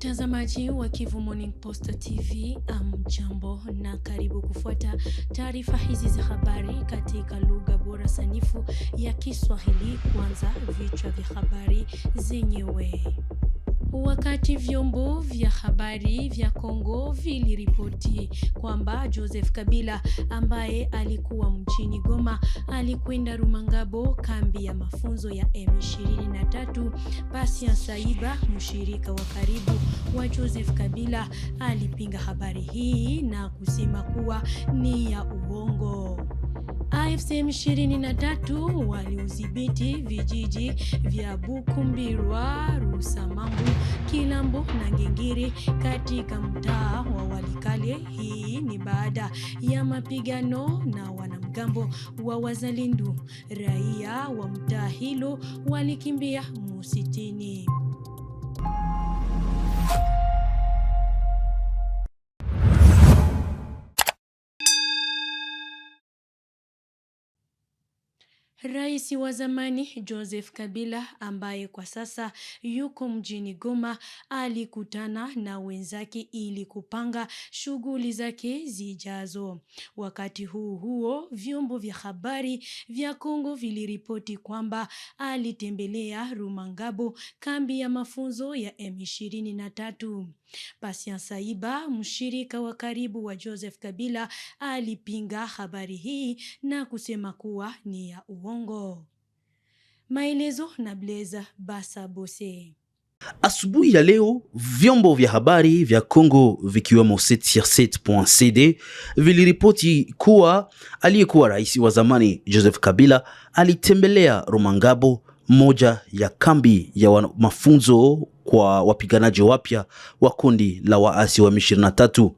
Mtazamaji wa Kivu Morning Post TV, amjambo na karibu kufuata taarifa hizi za habari katika lugha bora sanifu ya Kiswahili. Kwanza vichwa vya habari zenyewe. Wakati vyombo vya habari vya Kongo viliripoti kwamba Joseph Kabila ambaye alikuwa mchini Goma alikwenda Rumangabo, kambi ya mafunzo ya M23, Patient Saiba, mshirika wa karibu wa Joseph Kabila, alipinga habari hii na kusema kuwa ni ya AFC 23 waliudhibiti vijiji vya Bukumbirwa, Rusamambu, Kilambo na Ngingiri katika mtaa wa Walikale. Hii ni baada ya mapigano na wanamgambo wa Wazalendo. Raia wa mtaa hilo walikimbia msitini. Rais wa zamani Joseph Kabila ambaye kwa sasa yuko mjini Goma alikutana na wenzake ili kupanga shughuli zake zijazo. Wakati huu huo, vyombo vya habari vya Kongo viliripoti kwamba alitembelea Rumangabo, kambi ya mafunzo ya M23. Patience saiba mshirika wa karibu wa Joseph Kabila, alipinga habari hii na kusema kuwa ni ya uongo. Maelezo na Blaise Basabose. Asubuhi ya leo vyombo vya habari vya Kongo vikiwemo 7sur7.cd viliripoti kuwa aliyekuwa rais wa zamani Joseph Kabila alitembelea Rumangabo, moja ya kambi ya mafunzo kwa wapiganaji wapya wa kundi la waasi wa M23.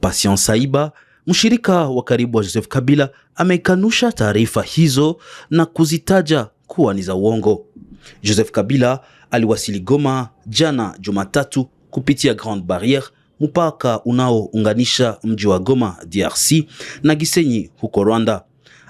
Patient Saiba, mshirika wa karibu wa Joseph Kabila, amekanusha taarifa hizo na kuzitaja kuwa ni za uongo. Joseph Kabila aliwasili Goma jana Jumatatu kupitia Grand Barriere, mpaka unaounganisha mji wa Goma DRC na Gisenyi huko Rwanda.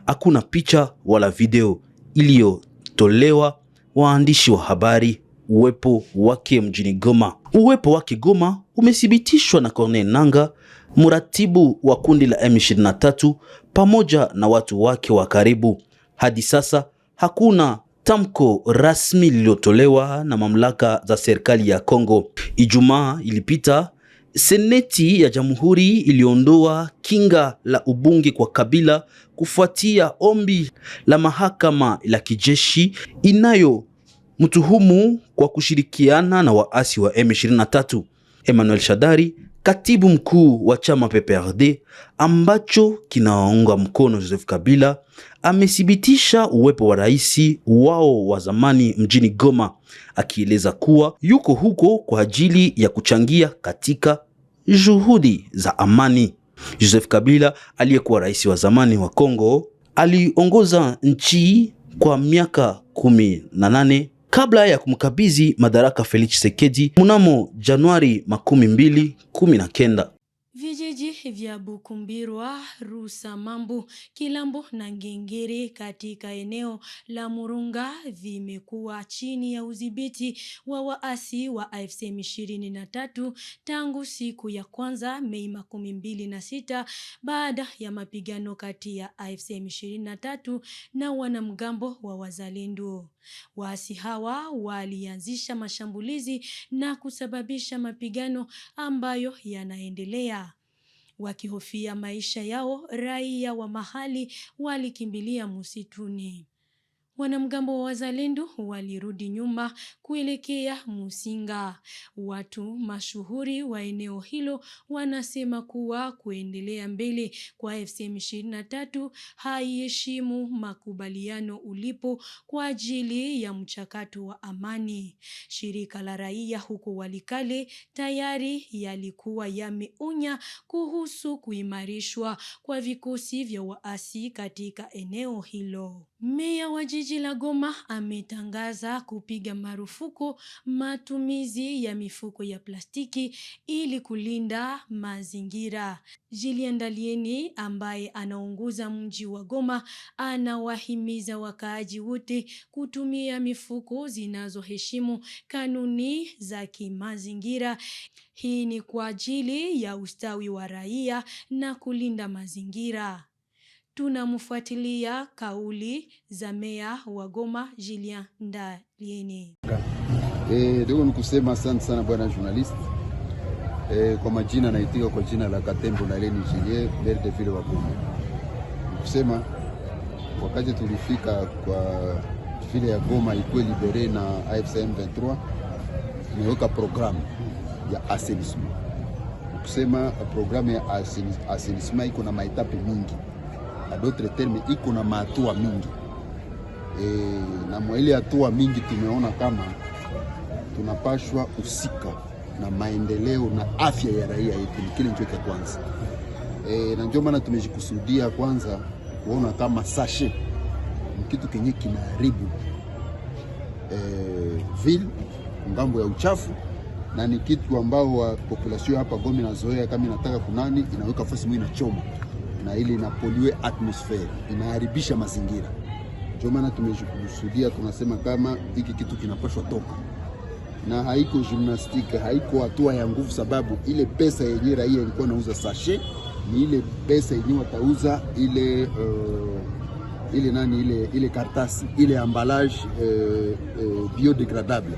Hakuna picha wala video iliyotolewa waandishi wa habari uwepo wake mjini Goma. Uwepo wake Goma umethibitishwa na Corneille Nanga, mratibu wa kundi la M23 pamoja na watu wake wa karibu. Hadi sasa hakuna tamko rasmi lililotolewa na mamlaka za serikali ya Kongo. Ijumaa ilipita Seneti ya Jamhuri iliondoa kinga la ubunge kwa Kabila kufuatia ombi la mahakama la kijeshi inayo mtuhumu kwa kushirikiana na waasi wa M23. Emmanuel Shadari, katibu mkuu wa chama PPRD ambacho kinaunga mkono Joseph Kabila, amethibitisha uwepo wa rais wao wa zamani mjini Goma, akieleza kuwa yuko huko kwa ajili ya kuchangia katika juhudi za amani. Joseph Kabila aliyekuwa rais wa zamani wa Kongo aliongoza nchi kwa miaka kumi na nane kabla ya kumkabidhi madaraka Felix Tshisekedi mnamo Januari makumi mbili kumi na kenda. Vijiji vya Bukumbirwa, Rusamambu, Kilambo na Ngengere katika eneo la Murunga vimekuwa chini ya udhibiti wa waasi wa AFC M23 tangu siku ya kwanza Mei makumi mbili na sita baada ya mapigano kati ya AFC M23 na wanamgambo wa Wazalendo. Waasi hawa walianzisha mashambulizi na kusababisha mapigano ambayo yanaendelea. Wakihofia maisha yao, raia wa mahali walikimbilia msituni. Wanamgambo wa wazalendo walirudi nyuma kuelekea Musinga. Watu mashuhuri wa eneo hilo wanasema kuwa kuendelea mbele kwa FCM23 haiheshimu makubaliano ulipo kwa ajili ya mchakato wa amani. Shirika la raia huko Walikale tayari yalikuwa yameonya kuhusu kuimarishwa kwa vikosi vya waasi katika eneo hilo. Meya wa jiji la Goma ametangaza kupiga marufuku matumizi ya mifuko ya plastiki ili kulinda mazingira. Julien Dalieni ambaye anaongoza mji wa Goma anawahimiza wakaaji wote kutumia mifuko zinazoheshimu kanuni za kimazingira. Hii ni kwa ajili ya ustawi wa raia na kulinda mazingira tunamfuatilia kauli za meya wa Goma Julien Ndalieni. Eh, leo nikusema asante sana bwana journalist. Eh, kwa majina naitika kwa jina la Katembo na Leni Julien maire de ville wa Goma. Nikusema wakati tulifika kwa vile ya Goma ikuwe libere na AFC M23, tumeweka programu ya assainissement. Nikusema programu ya assainissement iko na maetape mingi adotre terme iko na mahatua mingi e, na mwa hatua mingi tumeona kama tunapashwa husika na maendeleo na afya ya raia yetu, ni kile ndio cha kwanza e, na ndio maana tumejikusudia kwanza kuona kama sashe ni kitu kenye kinaharibu e, ville ngambo ya uchafu na ni kitu ambao wa population hapa Goma inazoea, kama inataka kunani inaweka fasi mwingine inachoma na ili inapoliwe atmosphere, inaharibisha mazingira. Ndio maana tumekusudia, tunasema kama hiki kitu kinapashwa toka na haiko gymnastique, haiko hatua ya nguvu, sababu ile pesa yenye raia ilikuwa nauza sashe ni ile pesa yenye watauza ile uh, ile nani ile ile kartasi ile ambalage uh, uh, biodegradable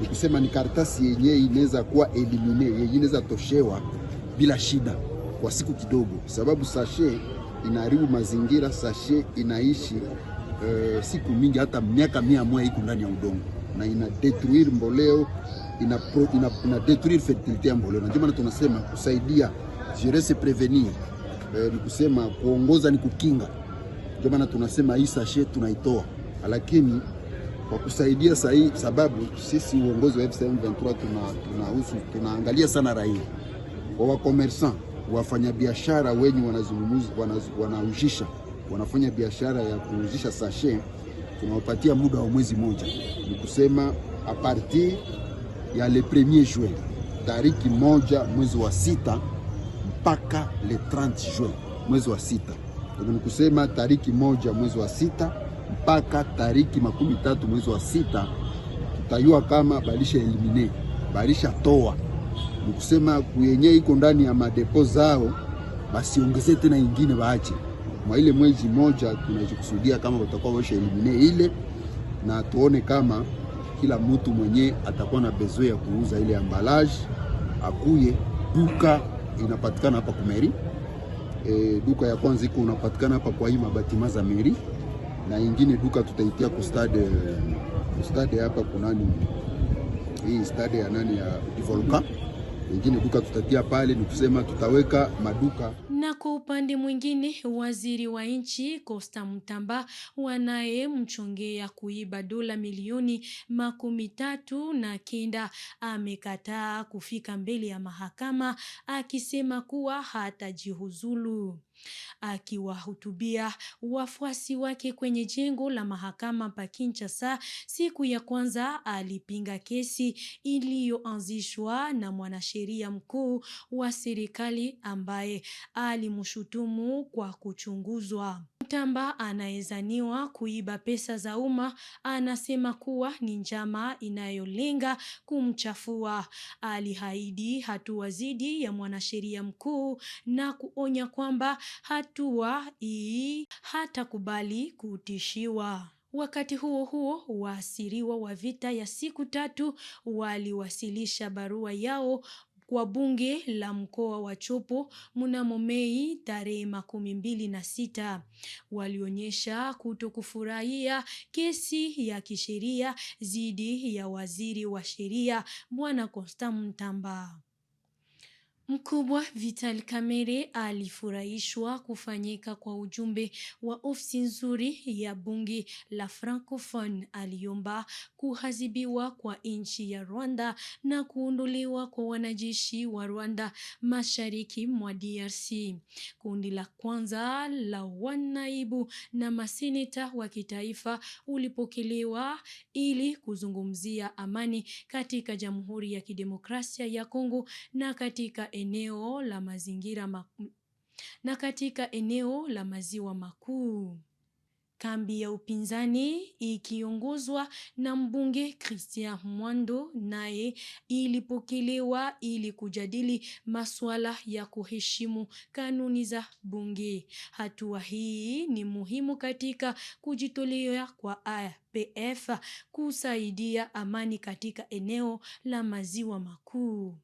nikisema ni kartasi yenye inaweza kuwa elimine yenye inaweza toshewa bila shida kwa siku kidogo, sababu sashe inaharibu mazingira, sashe inaishi e, siku mingi, hata miaka mia moja iko ndani ya udongo na ina detruire mboleo ina, ina, ina detruire fertilite ya mboleo, na ndio maana tunasema kusaidia gerese prevenir e, eh, ni kusema kuongoza ni kukinga. Ndio maana tunasema hii sashe tunaitoa, lakini kwa kusaidia sahi sababu sisi uongozi wa FCM 23 tunahusu tuna tunaangalia sana raia kwa wakomersan wafanyabiashara wenye wanauzisha wanafanya biashara ya kuuzisha sashe, tunawapatia muda wa mwezi moja, ni kusema a partir ya le premier juin, tariki moja mwezi wa sita mpaka le 30 juin mwezi wa sita. Ni kusema tariki moja mwezi wa sita mpaka tariki makumi tatu mwezi wa sita tutayua kama balisha elimine balisha toa ni kusema kuyenye iko ndani ya madepo zao wasiongeze tena ingine waache mwa ile mwezi moja. Tunachokusudia kama watakuwa washa elimine ile, na tuone kama kila mtu mwenye atakuwa na besoin ya kuuza ile ambalage akuye duka inapatikana hapa kumeri. E, duka ya kwanza iko unapatikana hapa kwa hii mabatima za meri, na ingine duka tutaitia kustade kustade hapa kunani hii stade ya nani ya Divolka wengine duka tutatia pale, ni kusema tutaweka maduka. Na kwa upande mwingine, waziri wa nchi Costa wanaye wanayemchongea kuiba dola milioni makumi tatu na kenda amekataa kufika mbele ya mahakama akisema kuwa hatajihuzulu. Akiwahutubia wafuasi wake kwenye jengo la mahakama pa Kinshasa siku ya kwanza, alipinga kesi iliyoanzishwa na mwanasheria mkuu wa serikali ambaye alimshutumu kwa kuchunguzwa Mtamba anayezaniwa kuiba pesa za umma anasema kuwa ni njama inayolenga kumchafua. Alihaidi hatua dhidi ya mwanasheria mkuu na kuonya kwamba hatua hii hatakubali kutishiwa. Wakati huo huo, waasiriwa wa vita ya siku tatu waliwasilisha barua yao wa bunge la mkoa wa Chopo mnamo Mei tarehe makumi mbili na sita walionyesha kutokufurahia kesi ya kisheria dhidi ya waziri wa sheria Bwana Constant Mtamba. Mkubwa Vital Kamerhe alifurahishwa kufanyika kwa ujumbe wa ofisi nzuri ya bunge la Francophone. Aliomba kuhazibiwa kwa nchi ya Rwanda na kuunduliwa kwa wanajeshi wa Rwanda mashariki mwa DRC. Kundi la kwanza la wanaibu na maseneta wa kitaifa ulipokelewa ili kuzungumzia amani katika Jamhuri ya Kidemokrasia ya Kongo na katika eneo la mazingira maku... na katika eneo la maziwa makuu. Kambi ya upinzani ikiongozwa na mbunge Christian Mwando naye ilipokelewa ili kujadili masuala ya kuheshimu kanuni za bunge. Hatua hii ni muhimu katika kujitolea kwa pf kusaidia amani katika eneo la maziwa makuu.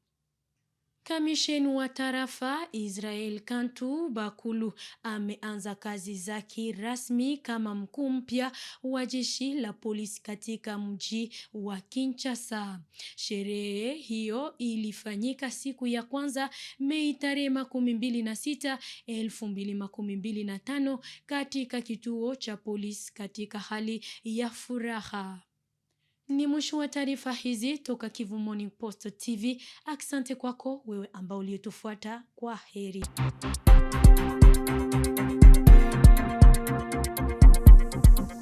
Kamisheni wa tarafa Israel Kantu Bakulu ameanza kazi zake rasmi kama mkuu mpya wa jeshi la polisi katika mji wa Kinshasa. Sherehe hiyo ilifanyika siku ya kwanza Mei tarehe makumi mbili na sita elfu mbili makumi mbili na tano katika kituo cha polisi katika hali ya furaha. Ni mwisho wa taarifa hizi toka Kivu Morning Post TV. Asante kwako wewe ambao uliyetufuata, kwa heri.